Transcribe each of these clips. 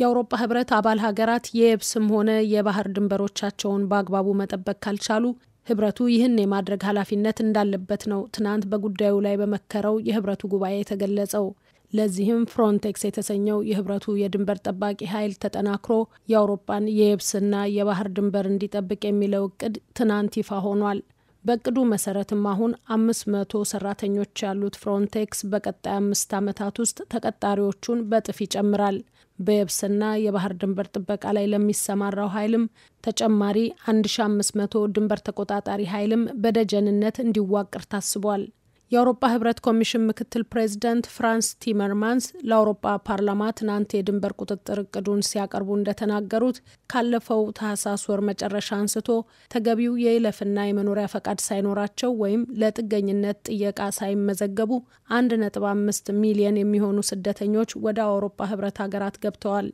የአውሮፓ ህብረት አባል ሀገራት የየብስም ሆነ የባህር ድንበሮቻቸውን በአግባቡ መጠበቅ ካልቻሉ ህብረቱ ይህን የማድረግ ኃላፊነት እንዳለበት ነው ትናንት በጉዳዩ ላይ በመከረው የህብረቱ ጉባኤ የተገለጸው። ለዚህም ፍሮንቴክስ የተሰኘው የህብረቱ የድንበር ጠባቂ ኃይል ተጠናክሮ የአውሮፓን የየብስና የባህር ድንበር እንዲጠብቅ የሚለው እቅድ ትናንት ይፋ ሆኗል። በቅዱ መሰረትም አሁን አምስት መቶ ሰራተኞች ያሉት ፍሮንቴክስ በቀጣይ አምስት ዓመታት ውስጥ ተቀጣሪዎቹን በጥፍ ይጨምራል። በየብስና የባህር ድንበር ጥበቃ ላይ ለሚሰማራው ኃይልም ተጨማሪ 1500 ድንበር ተቆጣጣሪ ኃይልም በደጀንነት እንዲዋቅር ታስቧል። የአውሮፓ ህብረት ኮሚሽን ምክትል ፕሬዚደንት ፍራንስ ቲመርማንስ ለአውሮፓ ፓርላማ ትናንት የድንበር ቁጥጥር እቅዱን ሲያቀርቡ እንደተናገሩት ካለፈው ታህሳስ ወር መጨረሻ አንስቶ ተገቢው የይለፍና የመኖሪያ ፈቃድ ሳይኖራቸው ወይም ለጥገኝነት ጥየቃ ሳይመዘገቡ 1.5 ሚሊየን የሚሆኑ ስደተኞች ወደ አውሮፓ ህብረት ሀገራት ገብተዋል።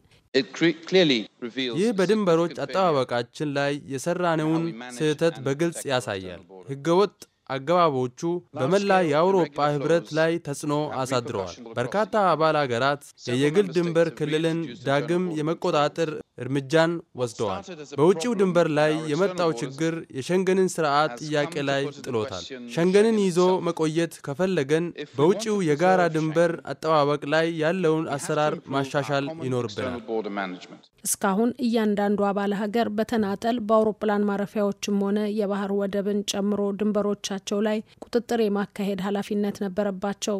ይህ በድንበሮች አጠባበቃችን ላይ የሰራነውን ስህተት በግልጽ ያሳያል። ህገወጥ አገባቦቹ በመላ የአውሮፓ ህብረት ላይ ተጽዕኖ አሳድረዋል። በርካታ አባል አገራት የየግል ድንበር ክልልን ዳግም የመቆጣጠር እርምጃን ወስደዋል። በውጭው ድንበር ላይ የመጣው ችግር የሸንገንን ስርዓት ጥያቄ ላይ ጥሎታል። ሸንገንን ይዞ መቆየት ከፈለገን በውጭው የጋራ ድንበር አጠባበቅ ላይ ያለውን አሰራር ማሻሻል ይኖርብናል። እስካሁን እያንዳንዱ አባል ሀገር በተናጠል በአውሮፕላን ማረፊያዎችም ሆነ የባህር ወደብን ጨምሮ ድንበሮቻቸው ላይ ቁጥጥር የማካሄድ ኃላፊነት ነበረባቸው።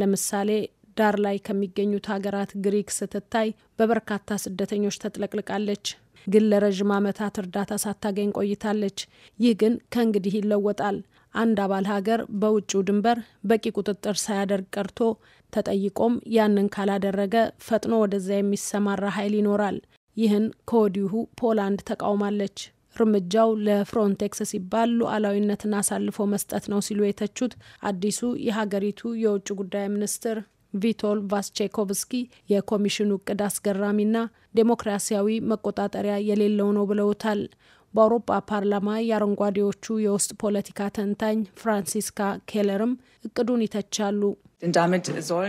ለምሳሌ ዳር ላይ ከሚገኙት ሀገራት ግሪክ ስትታይ በበርካታ ስደተኞች ተጥለቅልቃለች፣ ግን ለረዥም ዓመታት እርዳታ ሳታገኝ ቆይታለች። ይህ ግን ከእንግዲህ ይለወጣል። አንድ አባል ሀገር በውጭው ድንበር በቂ ቁጥጥር ሳያደርግ ቀርቶ ተጠይቆም ያንን ካላደረገ ፈጥኖ ወደዚያ የሚሰማራ ኃይል ይኖራል። ይህን ከወዲሁ ፖላንድ ተቃውማለች። እርምጃው ለፍሮንቴክስ ሲባል ሉዓላዊነትን አሳልፎ መስጠት ነው ሲሉ የተቹት አዲሱ የሀገሪቱ የውጭ ጉዳይ ሚኒስትር ቪቶል ቫስቼኮቭስኪ የኮሚሽኑ እቅድ አስገራሚና ዴሞክራሲያዊ መቆጣጠሪያ የሌለው ነው ብለውታል። በአውሮፓ ፓርላማ የአረንጓዴዎቹ የውስጥ ፖለቲካ ተንታኝ ፍራንሲስካ ኬለርም እቅዱን ይተቻሉ።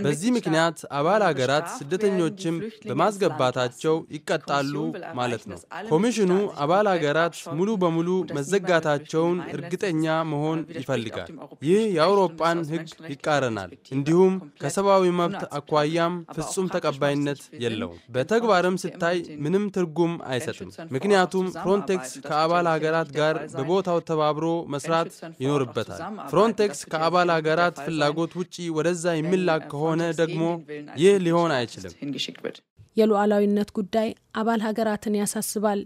በዚህ ምክንያት አባል ሀገራት ስደተኞችም በማስገባታቸው ይቀጣሉ ማለት ነው። ኮሚሽኑ አባል ሀገራት ሙሉ በሙሉ መዘጋታቸውን እርግጠኛ መሆን ይፈልጋል። ይህ የአውሮፓን ሕግ ይቃረናል፣ እንዲሁም ከሰብአዊ መብት አኳያም ፍጹም ተቀባይነት የለውም። በተግባርም ስታይ ምንም ትርጉም አይሰጥም። ምክንያቱም ፍሮንቴክስ ከአባል ሀገራት ጋር በቦታው ተባብሮ መስራት ይኖርበታል። ፍሮንቴክስ ከአባል ሀገራት ፍላጎት ውጪ ወደ ወደዛ የሚላክ uh, ከሆነ ደግሞ ይህ ሊሆን አይችልም። የሉዓላዊነት ጉዳይ አባል ሀገራትን ያሳስባል።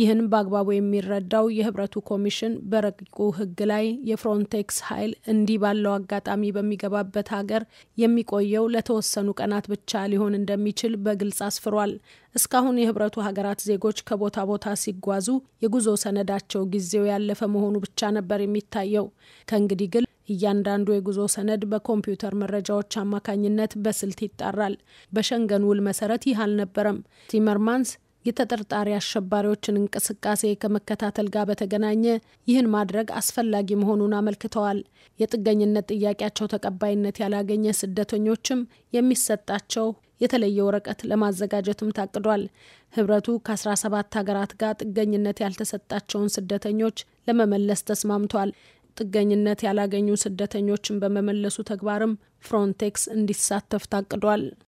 ይህን በአግባቡ የሚረዳው የህብረቱ ኮሚሽን በረቂቁ ህግ ላይ የፍሮንቴክስ ኃይል እንዲህ ባለው አጋጣሚ በሚገባበት ሀገር የሚቆየው ለተወሰኑ ቀናት ብቻ ሊሆን እንደሚችል በግልጽ አስፍሯል። እስካሁን የህብረቱ ሀገራት ዜጎች ከቦታ ቦታ ሲጓዙ የጉዞ ሰነዳቸው ጊዜው ያለፈ መሆኑ ብቻ ነበር የሚታየው። ከእንግዲህ ግን እያንዳንዱ የጉዞ ሰነድ በኮምፒውተር መረጃዎች አማካኝነት በስልት ይጣራል። በሸንገን ውል መሰረት ይህ አልነበረም። ቲመርማንስ የተጠርጣሪ አሸባሪዎችን እንቅስቃሴ ከመከታተል ጋር በተገናኘ ይህን ማድረግ አስፈላጊ መሆኑን አመልክተዋል። የጥገኝነት ጥያቄያቸው ተቀባይነት ያላገኘ ስደተኞችም የሚሰጣቸው የተለየ ወረቀት ለማዘጋጀትም ታቅዷል። ህብረቱ ከ17 ሀገራት ጋር ጥገኝነት ያልተሰጣቸውን ስደተኞች ለመመለስ ተስማምቷል። ጥገኝነት ያላገኙ ስደተኞችን በመመለሱ ተግባርም ፍሮንቴክስ እንዲሳተፍ ታቅዷል።